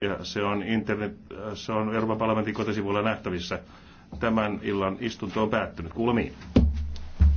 ja se on, internet, se on Euroopan parlamentin kotisivuilla nähtävissä. Tämän illan istunto on päättynyt. Kuulemiin.